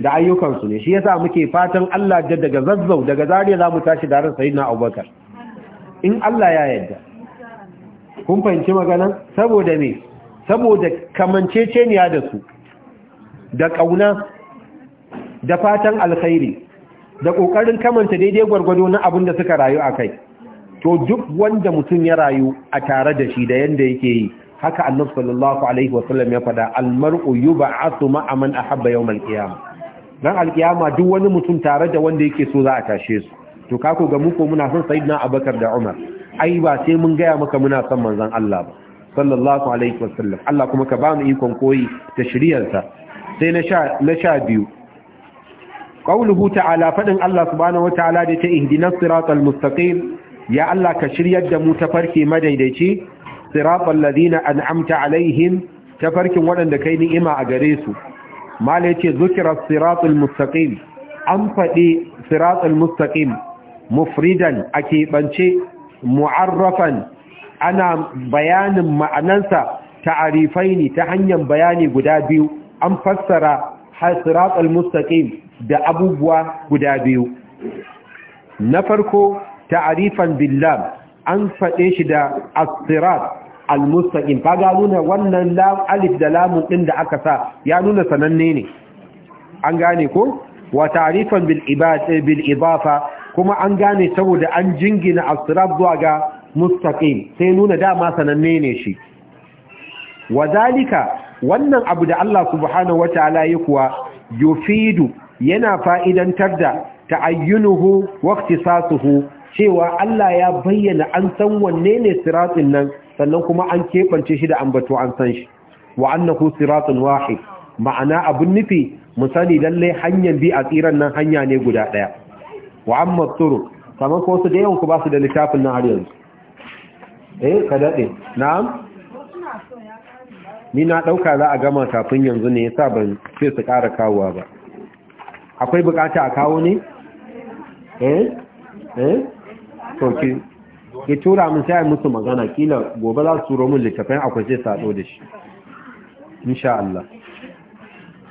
da ayyukansu ne shi yasa muke fatan Allah da daga zazzau daga zariya za mu tashi da ran sayyidina Abubakar in Allah ya yarda kun fahimci magana? saboda me saboda kamanceceniya da su da kauna da fatan alkhairi da kokarin kamanta daidai gwargwado na abin da suka rayu akai to duk wanda mutum ya rayu a tare da shi da yanda yake yi haka annabi sallallahu alaihi wasallam ya faɗa almar'u yub'athu ma'a man ahabba yawm al-qiyamah ran alkiyama duk wani mutum tare da wanda yake so za a tashe su to ka ko ga mu ko muna son sayyidina abakar da umar ai ba sai mun gaya maka muna son manzon Allah ba sallallahu alaihi wasallam Allah kuma ka ba mu ikon koyi da shiriyarsa sai na sha na sha biyu Ƙaulu ta'ala fadin Allah subhanahu wataala da ta ihdinas siratal mustaqim ya Allah ka shiryar da mu ta farke madaidaici siratal ladina an'amta alaihim tafarkin waɗanda kai ni'ima a gare su mala yace zukira siratul mustaqim an faɗi siratul mustaqim mufridan ake bance mu'arrafan ana bayanin ma'anansa ta'arifai ne ta hanyar bayani guda biyu an fassara siratul mustaqim da abubuwa guda biyu na farko ta'arifan billah an faɗe shi da as-sirat al-mustaqim kaga nuna wannan lam alif da lam din da aka sa ya nuna sananne ne an gane ko wa ta'rifan bil ibad eh, bil idafa kuma an gane saboda an jingina as zuwa ga mustaqim sai nuna dama sananne ne shi dalika wannan abu da Allah subhanahu wataala ya kuwa yufidu yana fa'idantar da ta'ayyunuhu wa ikhtisasuhu cewa Allah ya bayyana an san wanne ne siratin nan sannan kuma an keɓance shi da ambato an san shi wa annahu siratun wahid ma'ana abun nufi mu sani lalle hanyar bi a tsiran nan hanya ne guda ɗaya wa amma turu kamar ko su da yawan ku ba su da littafin nan har yanzu eh ka dade na'am ni na dauka za a gama kafin yanzu ne yasa ban sai su ƙara kawowa ba akwai bukata a kawo ne eh eh to ki ya tura mun sai musu magana kila gobe za su turo min littafin akwai sai sado da shi insha Allah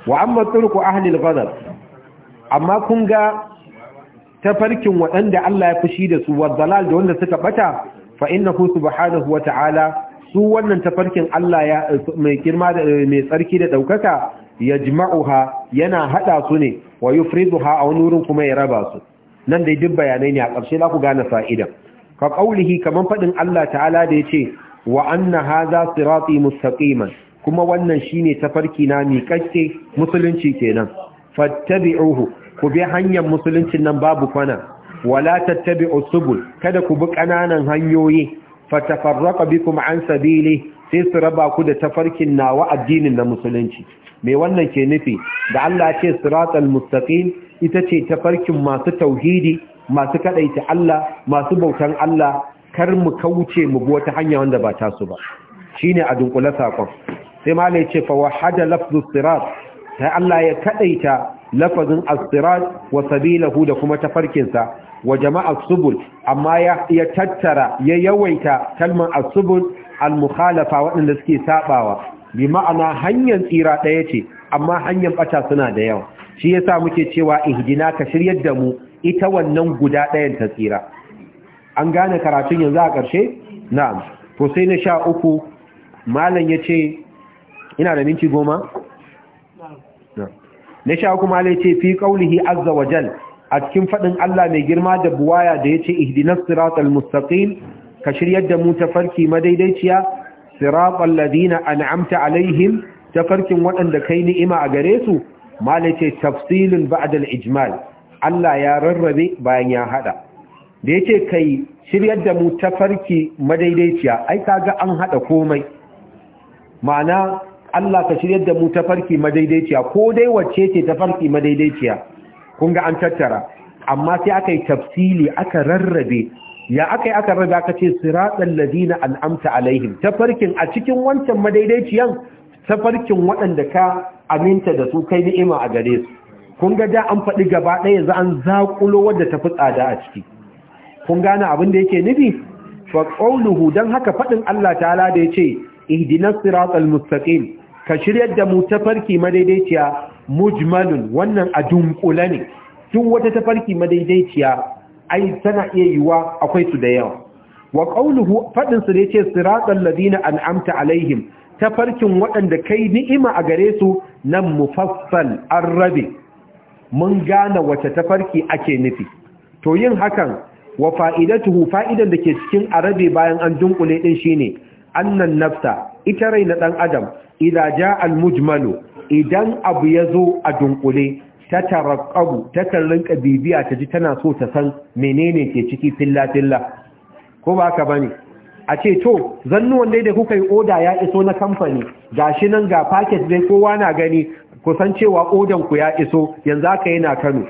wa amma turku ahli al-ghadab amma kun ga tafarkin waɗanda Allah ya fushi da su wa dalal da wanda suka bata fa innahu subhanahu wa ta'ala su wannan tafarkin Allah ya mai girma da mai tsarki da daukaka yajma'uha yana hada su ne wa yufriduha a wani wurin kuma ya raba su nan dai duk bayanai ne a ƙarshe za ku gane fa'idan ka ƙaulihi, kamar faɗin Allah ta'ala da yace wa anna su sirati mustaqiman kuma wannan shine tafarki na mi kakke musulunci kenan fattabi'uhu ku bi hanyar Musulunci nan babu kwana wala tattabi'u subul kada ku bi ƙananan hanyoyi bi kuma an sabili sai su raba ku da tafarkin nawa addinin na musulunci me wannan ke nufi da Allah ya ce siratal mustaqim ita ce tafarkin masu tauhidi masu kadaita Allah masu bautan Allah kar mu kauce mu bi wata hanya wanda ba ta su ba shine a dunkula sakon sai malai ya ce fa wahada lafzu sirat sai Allah ya kadaita lafazin as-sirat wa sabilahu da kuma tafarkinsa wa jama'a subul amma ya tattara ya yawaita kalmar as-subul al-mukhalafa waɗanda suke sabawa bi ma'ana hanyar tsira ɗaya ce amma hanyar bata suna da yawa shi yasa muke cewa ihdina ka shiryar da mu ita wannan guda ɗayan ta tsira an gane karatun yanzu a ƙarshe na'am to sai na sha uku malam ya ce ina da minti goma? na sha uku malam ya ce fi ƙaunihi azza wa jal a cikin faɗin Allah mai girma da buwaya da ya ce ihdinas siratal mustaqim ka shiryar da mu tafarki madaidaiciya siratal ladina an'amta alaihim tafarkin waɗanda kai ni'ima a gare su malam ya ce tafsilun ba'dal ijmal Allah ya rarrabe bayan ya haɗa. da yake kai shiryar da mu tafarki madaidaiciya ai kaga an haɗa komai ma'ana Allah ka shiryar da mu tafarki farki madaidaiciya ko dai wacce ce tafarki madaidaiciya kun ga an tattara amma sai aka yi tafsili aka rarrabe ya aka yi aka rarrabe aka ce siratan ladina an'amta alaihim ta farkin a cikin wancan madaidaiciyan Tafarkin waɗanda ka aminta da su kai ni'ima a gare su kun ga da an faɗi gaba ɗaya yanzu an zaƙulo wadda ta fi tsada a ciki kun gane abin da yake nufi fa qawluhu dan haka faɗin Allah ta'ala da yace ihdinas siratal mustaqim ka shiryar da mu tafarki madaidaiciya mujmalun wannan a dunkula ne duk wata tafarki madaidaiciya ai tana iya yiwa akwai su da yawa wa qawluhu fadin su ne ce siratal ladina an'amta alaihim tafarkin waɗanda kai ni'ima a gare su nan mufassal an rabe mun gane wace tafarki ake nufi to yin hakan wa fa'idatuhu fa'idan da ke cikin arabe bayan an dunkule din shine annan nafsa ita rai na dan adam idza jaa al mujmalu idan abu yazo a dunkule ta taraqqabu ta rinka bibiya ta ji tana so ta san menene ke ciki filla filla ko ba ka bane a ce to zannuwan dai da kuka yi oda ya iso na kamfani gashi nan ga paket dai kowa na gani ku san cewa odan ku ya iso yanzu aka yana Kano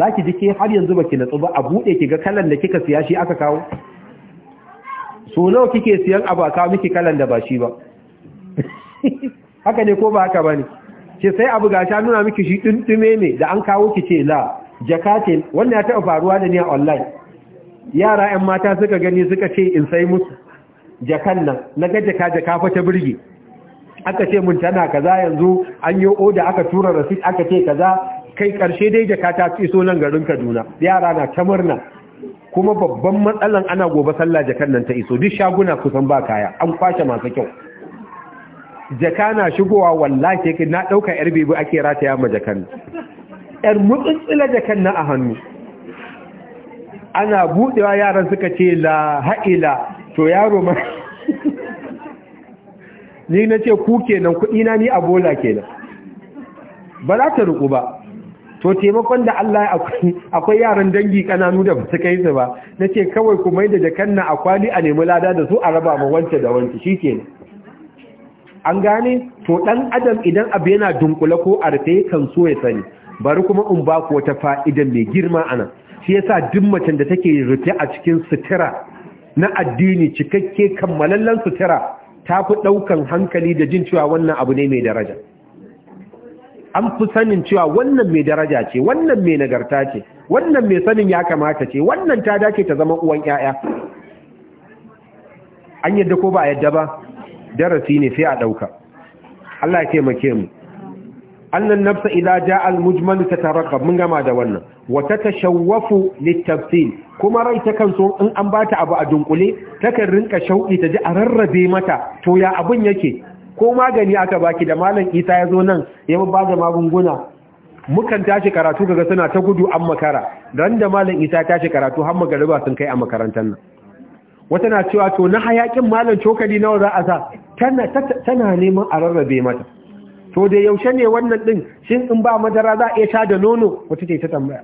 zaki ji ke har yanzu baki natsu ba a bude ki ga kalan da kika siya shi aka kawo so nawa kike siyan abu aka miki kalan da ba shi ba haka ne ko ba haka bane ce sai abu gasha nuna miki shi dindume ne da an kawo ki ce la jakatin wannan ya taba faruwa da ni a online yara 'yan mata suka gani suka ce in sai musu jakan nan na ga jaka jaka fa ta burge aka ce mun tana kaza yanzu an yi oda aka tura rasit aka ce kaza kai karshe dai jaka ta iso nan garin Kaduna yara na ta murna kuma babban matsalan ana gobe sallah jakan nan ta iso duk shaguna kusan ba kaya an kwashe masu kyau jaka na shigowa wallahi kai na dauka yar bibi ake rataya ma jakan yar mutsutsula jakan na a hannu ana budewa yaran suka ce la ha'ila to yaro ma ni na ce ku kenan kuɗi na ni a bola kenan ba za ta ruku ba to taimakon da Allah akwai yaran dangi kananu da su kai su ba nace kawai ku mai da jakan na akwali a nemi lada da su a raba ma wance da wance shi an gane to ɗan adam idan abu yana dunkule ko a rufe kan so ya sani bari kuma in ba ku wata fa'ida mai girma anan shi yasa duk macen da take rufe a cikin sutura na addini cikakke kammalallen sutura ta fi ɗaukan hankali da jin cewa wannan abu ne mai daraja an fi sanin cewa wannan mai daraja ce wannan mai nagarta ce wannan mai sanin ya kamata ce wannan ta dace ta zama uwan 'ya'ya an yadda ko ba a yadda ba darasi ne sai a ɗauka Allah ya taimake mu annan nafsa idza jaa al-mujmal tatarqab mun gama da wannan wa tatashawwafu lit kuma rai ta kanso in an bata abu a dunkule takan rinka shauki ta ji a rarrabe mata to ya abun yake ko magani aka baki da malam Isa yazo nan ya ba da magunguna mukan tashi karatu kaga suna ta gudu an makara dan da malam Isa tashi karatu har magariba sun kai a makarantar nan wata na cewa to na hayakin malam cokali nawa za a sa tana tana neman a rarrabe mata to da yaushe ne wannan din shin in ba madara za a iya sha da nono wata ce ta tambaya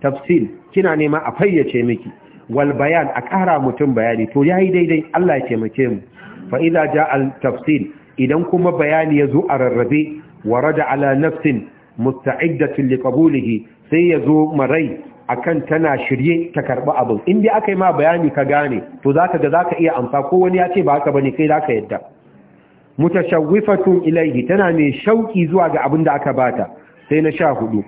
tafsil kina nema a fayyace miki wal bayan a kara mutum bayani to yayi daidai Allah ya taimake mu fa idza jaa al tafsil idan kuma bayani ya zo a rarrabe warada ala nafsin musta'iddatin li qabulihi sai ya zo marai akan tana shirye ta karba abin in dai aka yi ma bayani ka gane to zaka ga zaka iya amsa ko wani ya ce ba haka bane kai zaka yadda mutashawwifatun ilaihi tana mai shauki zuwa ga abin da aka bata sai na sha hudu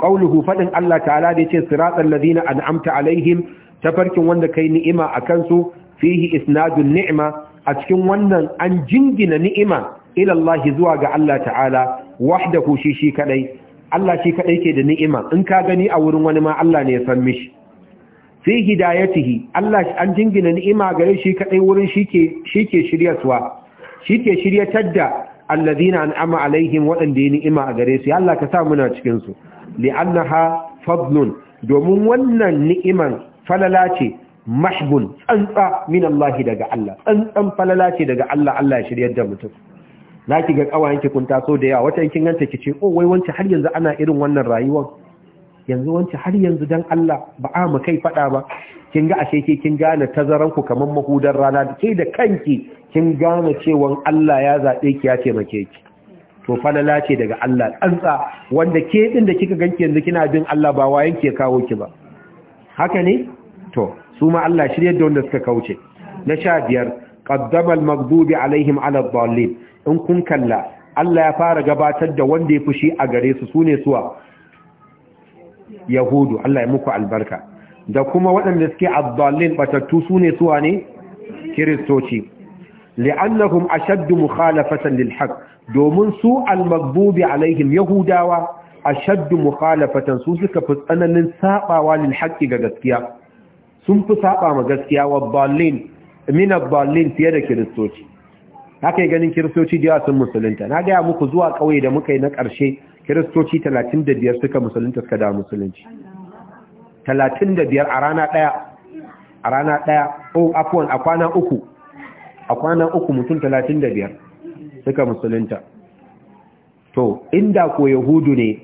qauluhu fadin Allah ta'ala da yace siratal ladina an'amta alaihim ta farkin wanda kai ni'ima akan su fihi isnadun ni'ima. a cikin wannan an jingina ni'ima ila Allah zuwa ga Allah ta'ala wahdahu shi shi kadai Allah shi kadai ke da ni'ima in ka gani a wurin wani ma Allah ne ya san mishi fi hidayatihi Allah an jingina ni'ima gare shi kadai wurin shi ke shi ke shiryarwa shi ke shiryatar da allazina an'ama alaihim waɗanda ya ni'ima a gare su ya Allah ka sa muna cikin su li'annaha fadlun domin wannan ni'iman falala ce mahbun tsantsa min Allah daga Allah tsantsan falala ce daga Allah Allah ya shiryar da mutum na ki ga kawayen ki kun taso da yawa wata kin ganta ki ce oh wai wance har yanzu ana irin wannan rayuwar yanzu wance har yanzu dan Allah ba a mu kai fada ba kin ga ashe ke kin gane tazaran ku kaman mahudar rana da ke da kanki kin gane cewa Allah ya zaɓe ki ya taimake ki to falala ce daga Allah tsantsa wanda ke din da kika ganki yanzu kina bin Allah ba wayan ke kawo ki ba haka ne to su ma Allah shirye da wanda suka kauce na sha biyar qaddama al-maghdubi alaihim ala ad in kun kalla Allah ya fara gabatar da wanda ya fushi a gare su sune suwa yahudu Allah ya muku albarka da kuma waɗanda suke ad-dallin batattu sune suwa ne kiristoci لأنهم أشد مخالفة lil دومن domin su عليهم يهوداوا أشد مخالفة سوزك mukhalafatan su suka fi tsananin sabawa lil والضالين ga gaskiya sun fi saba ma gaskiya wa balin fiye da kiristoci haka yi ganin kiristoci jiya sun musulunta na gaya muku zuwa ƙauye da muka yi na ƙarshe kiristoci 35 suka musulunta suka da musulunci 35 a rana ɗaya a rana ɗaya a kwana uku a kwana uku mutum talatin da biyar suka musulunta to inda ko yahudu ne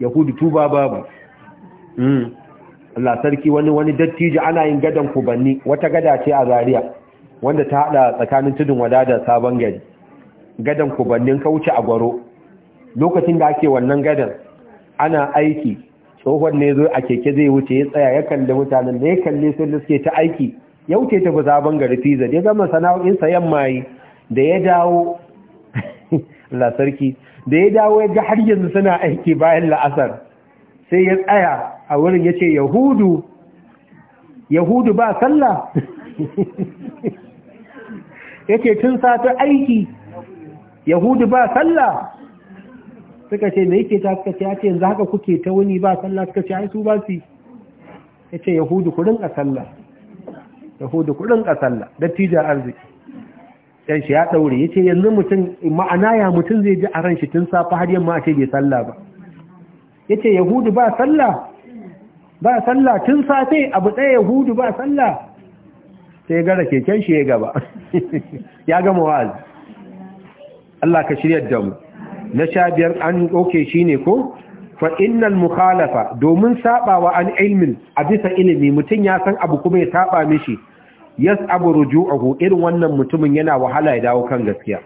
yahudu tuba babu hmm. Allah sarki wani wani dattijo ana yin gadan kubanni wata gada ce a Zariya, wanda ta hada tsakanin tudun wada da sabon gari gadan kubannin kauce a gwaro lokacin da ake wannan gadan ana aiki tsohon ne zo a keke zai wuce ya tsaya ya kalli mutanen da ya kalli sun da suke ta aiki ya wuce ta zaben gari pizza ya gama sana'o'insa yamma yi da ya dawo Allah sarki da ya dawo ya ga har yanzu suna aiki bayan la'asar sai ya tsaya a wurin ya ce yahudu yahudu ba sallah ya ce tun sata aiki yahudu ba sallah suka ce me yake ta suka ce ya ce yanzu haka kuke ta wuni ba sallah suka ce ai su ba su ya ce yahudu ku a sallah hudu kudin kasalla dattijan arziki Ɗan shi ya daure yace yanzu mutum ma'ana ya mutum zai ji a ran shi tun safa har yamma a ce bai sallah ba yace yahudu ba sallah ba sallah tun safe abu ɗaya yahudu ba sallah sai gara keken shi ya gaba ya gama wa'azi Allah ka shirya da mu na sha biyar an ɗauke shi ne ko fa innal mukhalafa domin sabawa an ilmin a bisa ilimi mutum ya san abu kuma ya saba mishi yas abu irin wannan mutumin yana wahala ya dawo kan gaskiya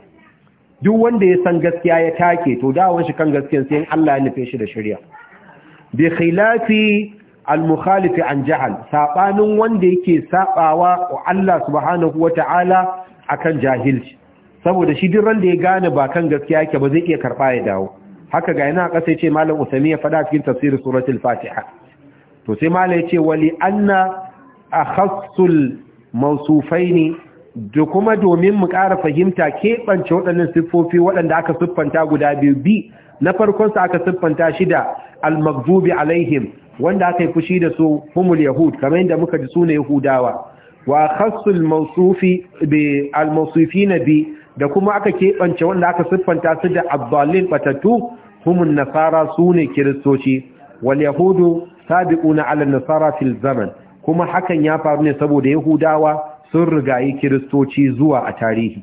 duk wanda ya san gaskiya ya take to dawon shi kan gaskiyan sai Allah ya nufe shi da shari'a bi khilafi al mukhalif an jahal sabanin wanda yake sabawa wa Allah subhanahu wata'ala akan jahilci saboda shi duk wanda ya gane ba kan gaskiya yake ba zai iya karba ya dawo haka ga yana ƙasa ce malam usami ya faɗa cikin tafsir suratul fatiha to sai malam yace wali anna akhassul mawsufaini da kuma domin mu ƙara fahimta keɓance waɗannan siffofi waɗanda aka siffanta guda biyu bi na farkonsa aka siffanta shi da almagdubi alaihim wanda aka yi fushi da su humul yahud kamar yadda muka ji su ne yahudawa wa khassul mawsufi bi almawsufina bi da kuma aka keɓance wanda aka siffanta su da abdallin batatu humun nasara su ne kiristoci wal yahudu النصارى في nasara fil zaman kuma hakan ya faru ne saboda yahudawa sun rigayi kiristoci zuwa tarihi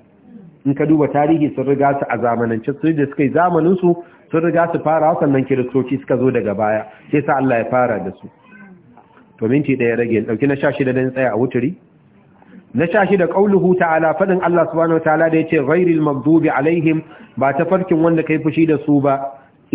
in duba tarihi sun riga su a zamanance su da suka yi zamanin su sun riga su fara sannan kiristoci suka zo daga baya sai sa Allah ya fara da su to minti daya rage dauki na 16 dan tsaya a wuturi na 16 qauluhu ta'ala fadin Allah subhanahu ta'ala da yace ghairil maghdubi alaihim ba ta farkin wanda kai fushi da su ba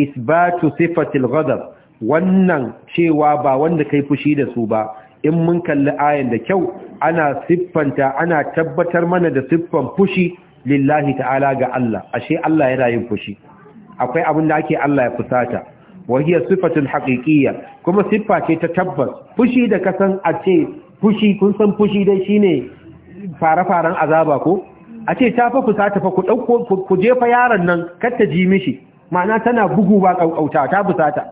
isbatu sifatil ghadab wannan cewa ba wanda kai fushi da su ba in mun kalli ayan da kyau ana siffanta ana tabbatar mana da siffan fushi lillahi ta'ala ga Allah ashe Allah yana yin fushi akwai abin da ake Allah ya fusata wahiya sifatul haqiqiyya kuma siffa ce ta tabbas fushi da kasan a ce fushi kun san fushi dai shine fara-faran azaba ko a ce ta fa fusata fa ku dauko ku jefa yaron nan kar ta ji mishi ma'ana tana bugu ba kaukauta ta busata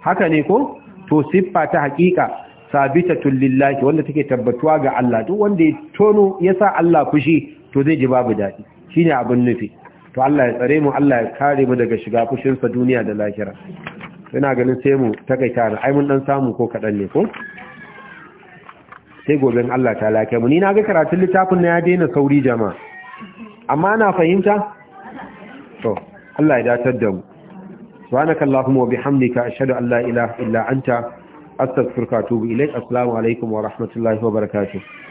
haka ne ko to siffa ta hakika sabita lillahi wanda take tabbatuwa ga Allah duk wanda ya tono ya sa Allah fushi to zai ji babu daɗi shine abin nufi to Allah ya tsare mu Allah ya kare mu daga shiga sa duniya da lahira ina ganin sai mu takaita na ai mun dan samu ko kadan ne ko sai goben Allah ta lafiya mu ni na ga karatun littafin na ya daina sauri jama'a amma ana fahimta to Allah ya datar da mu subhanakallahumma wa bihamdika ashhadu an la ilaha illa anta astaghfiruka wa atubu ilaik assalamu alaikum wa rahmatullahi wa barakatuh